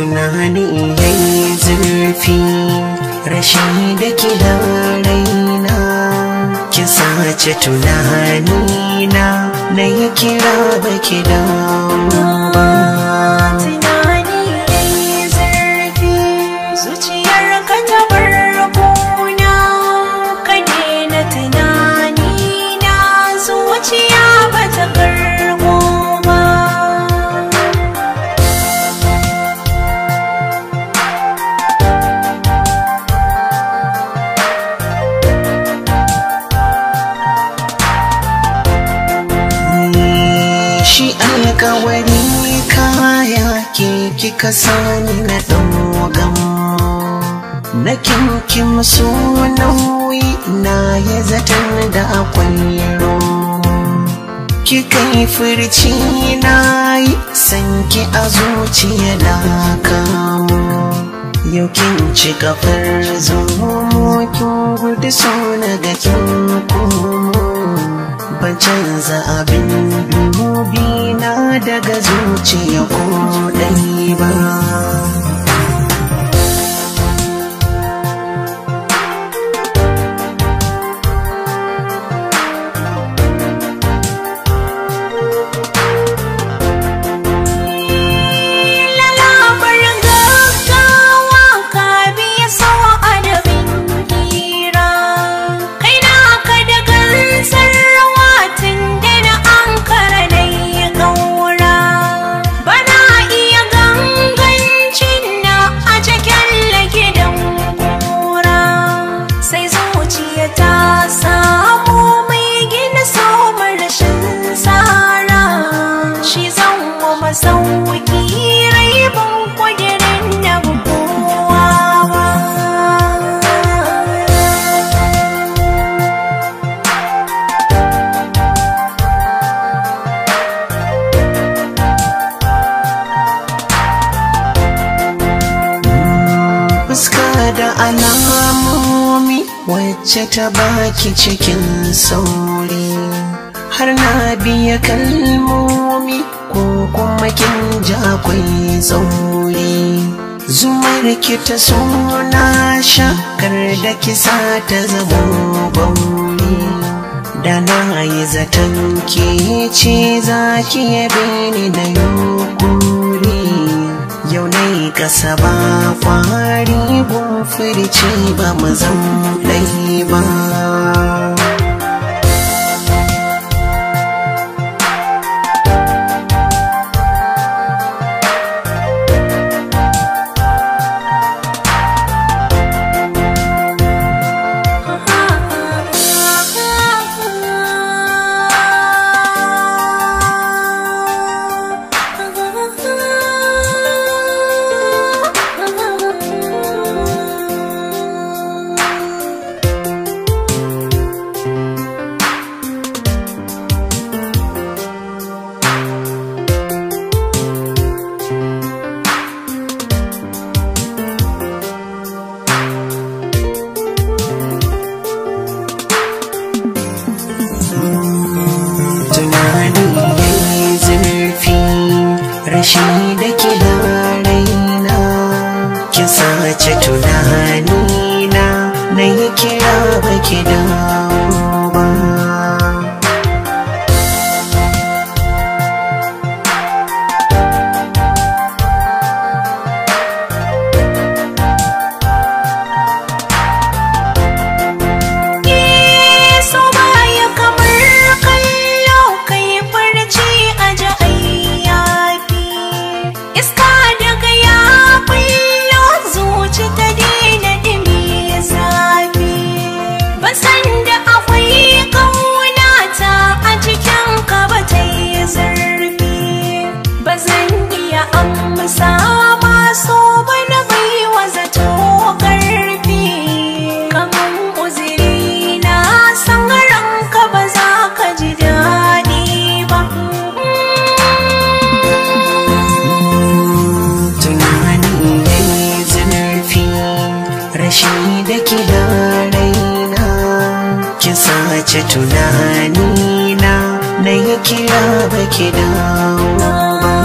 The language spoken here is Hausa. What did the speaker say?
tunani yayi zurfi rashi da kila raina ki sace tunani na na yi kira baki da ba alkawari kaya ki kika sani na dogon na kinkin su nauyi na ya zatan da akwai Ki yi furci na yi sanki a zuciya da kamo yau kin ci kafar kin gudu suna na ga kin kuma ban canza abin daga zuciya ko da alamomi wacce ta baki cikin sauri har na biya kalmomi ko kuma kin ja kwai zumar ki ta suna shakar da kisa ta zama bauri da na yi zaton ke ci za ki yabe ni da yukuri mai ba kwari gun furci ba mu zan ba ki da ki sace tunanina na yi kira baki dawo ba